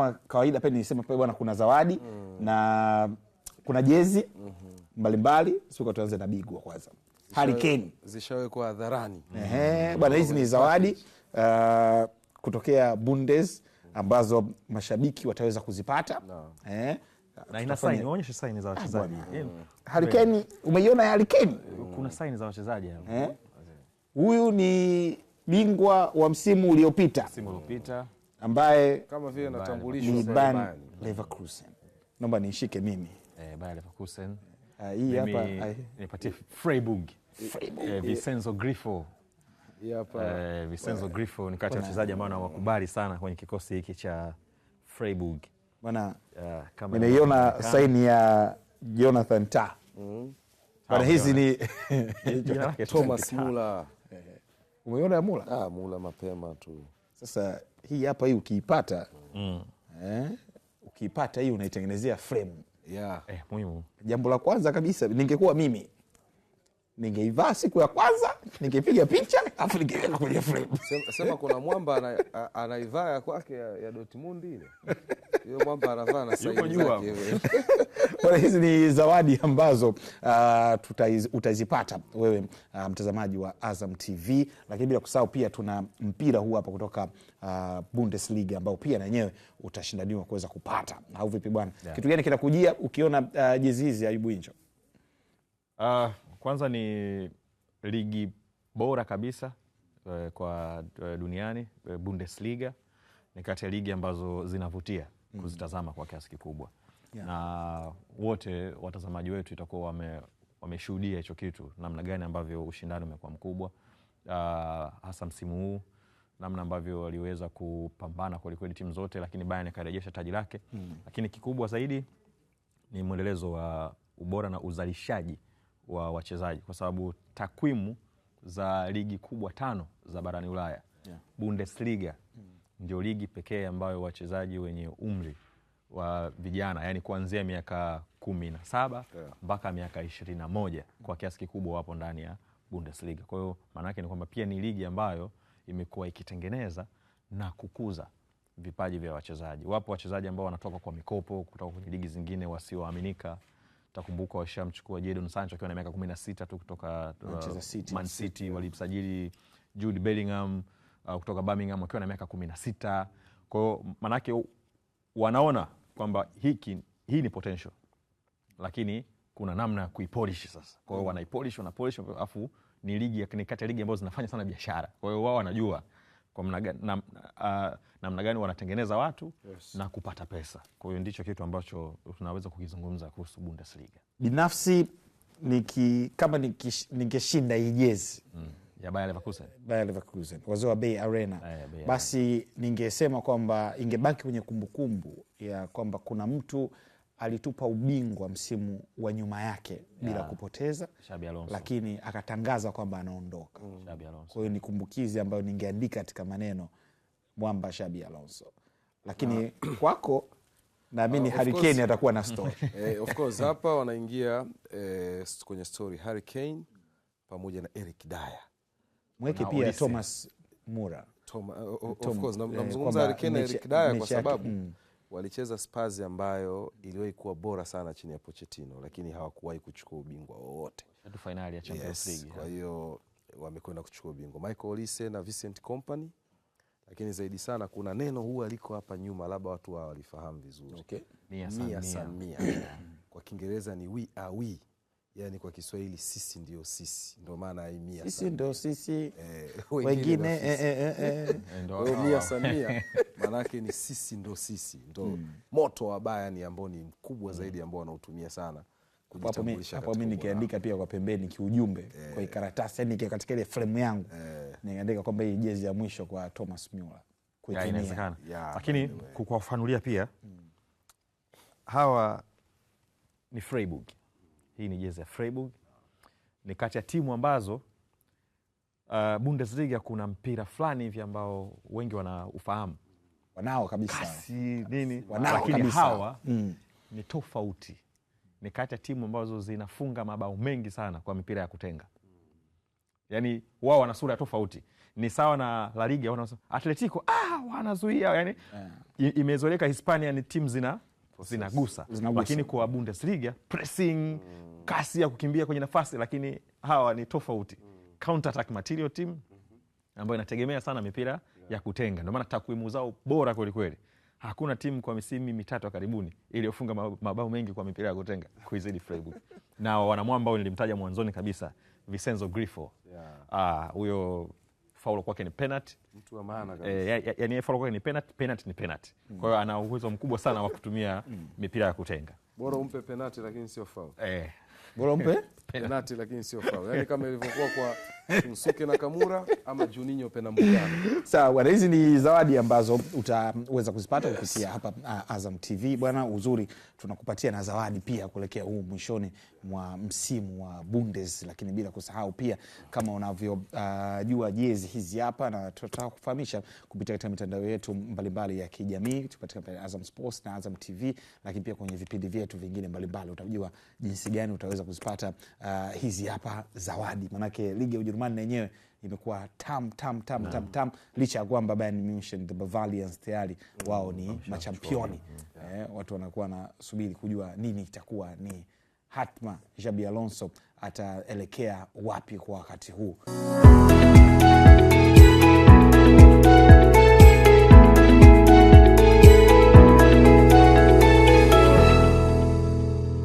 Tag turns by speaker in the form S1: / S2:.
S1: kama kawaida pia nilisema pa bwana, kuna zawadi mm. na kuna jezi mbalimbali mm -hmm. mbalimbali. Siku tuanze na bigwa kwanza, harikeni
S2: zishawekwa hadharani
S1: bwana, hizi ni zawadi uh, kutokea Bundes ambazo mashabiki wataweza kuzipata no. eh,
S3: na ina saini, onyesha saini za ah, wachezaji. Eh,
S1: Harry umeiona Harry Kane?
S3: Kuna saini za wachezaji
S1: hapo. Huyu ni bingwa wa msimu uliopita. Msimu uliopita ambaye
S2: kama vile natambulishwa
S1: ni Bayer Leverkusen. Naomba nishike mimi
S3: eh, Bayer Leverkusen.
S1: Uh, hii hapa ah,
S3: nipatie Freiburg.
S1: Freiburg. Eh,
S3: Vincenzo Grifo
S1: eh,
S3: Vincenzo eh. Grifo ni kati ya wachezaji ambao nawakubali sana kwenye kikosi hiki cha Freiburg.
S1: Bwana, uh, nimeiona saini ya Jonathan Ta. Mm. Mm-hmm. Bwana hizi ni
S2: Thomas Muller.
S1: Umeona ya Muller?
S2: Ah, Muller mapema tu.
S1: Sasa hii hapa hii ukiipata mm. eh, ukiipata hii unaitengenezea frame
S2: yeah.
S3: Eh,
S1: Jambo la kwanza kabisa, ningekuwa mimi ningeivaa siku ya kwanza, ningepiga picha alafu ningeweka kwenye frame.
S2: Sema kuna mwamba anaivaa ana ya kwake ya, ya ile
S1: hizi ni zawadi ambazo uh, utazipata wewe uh, mtazamaji wa Azam TV, lakini bila kusahau pia tuna mpira huu hapa kutoka uh, Bundesliga ambao pia na wenyewe utashindaniwa kuweza kupata, au vipi bwana? Yeah. Kitu gani kinakujia ukiona uh, jezi hizi Ayubu Injo?
S3: Uh, kwanza ni ligi bora kabisa uh, kwa eh, duniani uh, Bundesliga ni kati ya ligi ambazo zinavutia Mm-hmm. kuzitazama kwa kiasi kikubwa yeah. Na wote watazamaji wetu itakuwa wame wameshuhudia hicho kitu, namna gani ambavyo ushindani umekuwa mkubwa uh, hasa msimu huu, namna ambavyo waliweza kupambana kwelikweli timu zote, lakini Bayern akarejesha taji lake mm. Lakini kikubwa zaidi ni mwendelezo wa ubora na uzalishaji wa wachezaji, kwa sababu takwimu za ligi kubwa tano za barani Ulaya yeah. Bundesliga ndio ligi pekee ambayo wachezaji wenye umri wa vijana yani kuanzia miaka kumi na saba mpaka yeah. miaka ishirini na moja kwa kiasi kikubwa wapo ndani ya Bundesliga. Kwa hiyo maana yake ni kwamba pia ni ligi ambayo imekuwa ikitengeneza na kukuza vipaji vya wachezaji. Wapo wachezaji ambao wanatoka kwa mikopo kutoka kwenye ligi zingine wasioaminika. Takumbuka washamchukua Jadon Sancho akiwa na miaka kumi na sita tu kutoka
S1: uh, Manchester City,
S3: Man City walimsajili Jude Bellingham uh, kutoka Birmingham wakiwa na miaka kumi na sita. kwahiyo hiyo manake wanaona kwamba hiki hii ni potential, lakini kuna namna ya kuipolish sasa. Kwa hiyo wanaipolish, wanapolish alafu ni ligi ni kati ya ligi ambazo zinafanya sana biashara. kwahiyo wao wanajua kwa namna nam, uh, gani wanatengeneza watu yes, na kupata pesa. kwahiyo ndicho kitu ambacho tunaweza kukizungumza kuhusu Bundesliga.
S1: Binafsi niki, kama ningeshinda hii jezi mm
S3: ya Bayer Leverkusen,
S1: Bayer Leverkusen, wazee wa Bay Arena. basi ningesema kwamba ingebaki kwenye kumbukumbu ya kwamba kuna mtu alitupa ubingwa msimu wa nyuma yake bila ya kupoteza, lakini akatangaza kwamba anaondoka. Mm. Kwa hiyo ni kumbukizi ambayo ningeandika katika maneno mwamba Shabi Alonso, lakini ah, kwako naamini uh, Harry Kane atakuwa na story
S2: eh, of course hapa wanaingia eh, kwenye story Harry Kane pamoja na Eric Dyer
S1: mweke pia Thomas Mura
S2: eh, namzungumza Eric kwa sababu mm, walicheza spazi ambayo iliwahi kuwa bora sana chini ya Pochettino, lakini hawakuwahi kuchukua ubingwa wowote. Yes, kwa hiyo wamekwenda kuchukua ubingwa Michael Olise na Vincent Company, lakini zaidi sana kuna neno huwa liko hapa nyuma, labda watu hawa walifahamu vizuri okay.
S1: mia, mia, mia. Samia
S2: kwa Kiingereza ni we are we yani kwa Kiswahili sisi ndio sisi, ndio maana aimia sisi
S1: ndio sisi e, wengine eh, eh, eh, eh,
S2: eh. Samia maanake ni sisi ndio sisi ndo mm. moto wa Bayern ambao ni mkubwa zaidi hmm. ambao wanautumia sana
S1: hapo mi nikiandika pia kwa pembeni kiujumbe e. kwa ikaratasi yani katika ile fremu yangu e. nikiandika kwamba hii jezi ya mwisho kwa Thomas Muller
S3: kuitumia, lakini kuwafanulia pia hmm. hawa ni Freiburg hii ni jezi ya Freiburg, ni kati ya timu ambazo uh, Bundesliga kuna mpira fulani hivi ambao wengi wanaufahamu
S1: wanao kabisa, kasi nini, wanao lakini kabisa. Hawa
S3: mm. ni tofauti, ni kati ya timu ambazo zinafunga mabao mengi sana kwa mipira ya kutenga, yaani wao wana sura tofauti ni sawa na La Liga Atletico ah, wanazuia yani, yeah. Imezoeleka Hispania ni timu zina zinagusa, zina Lakini kwa Bundesliga pressing mm. kasi ya kukimbia kwenye nafasi, lakini hawa ni tofauti mm. counter attack material team mm-hmm. ambayo inategemea sana mipira yeah. ya kutenga, ndio maana takwimu zao bora kwelikweli. Hakuna timu kwa misimu mitatu ya karibuni iliyofunga mabao mengi kwa mipira ya kutenga kuizidi Freiburg na wanamwamba ambao nilimtaja mwanzoni kabisa Vincenzo Grifo ah, huyo yeah faulu kwake ni penalty.
S2: Mtu wa maana
S3: kabisa. Eh, faulu kwake ni penalty, penalty ni penalty. Mm. Kwa hiyo ana uwezo mkubwa sana wa kutumia mm. mipira ya kutenga.
S2: Bora umpe penalty lakini sio faulu.
S3: Eh
S1: bora
S2: penati lakini sio faul, yani kama ilivyokuwa kwa Msuke na Kamura ama Juninho Penambugano.
S1: Sawa bwana, hizi ni zawadi ambazo utaweza kuzipata yes, kupitia hapa Azam TV bwana. Uzuri tunakupatia na zawadi pia kuelekea huu mwishoni mwa msimu wa Bundes, lakini bila kusahau pia kama unavyojua uh, jezi hizi hapa, na tutataka kufahamisha kupitia katika mitandao yetu mbalimbali ya kijamii, tupatika pale Azam Sports na Azam TV, lakini pia kwenye vipindi vyetu vingine mbalimbali utajua jinsi gani utaweza utaweza kuzipata uh, hizi hapa zawadi, manake ligi ya Ujerumani na yenyewe imekuwa tam tam tam tam tam, licha ya kwamba Bayern the Bavarians tayari mm, wao ni machampioni mm, yeah. Eh, watu wanakuwa wanasubiri kujua nini itakuwa ni hatma Xabi Alonso ataelekea wapi kwa wakati huu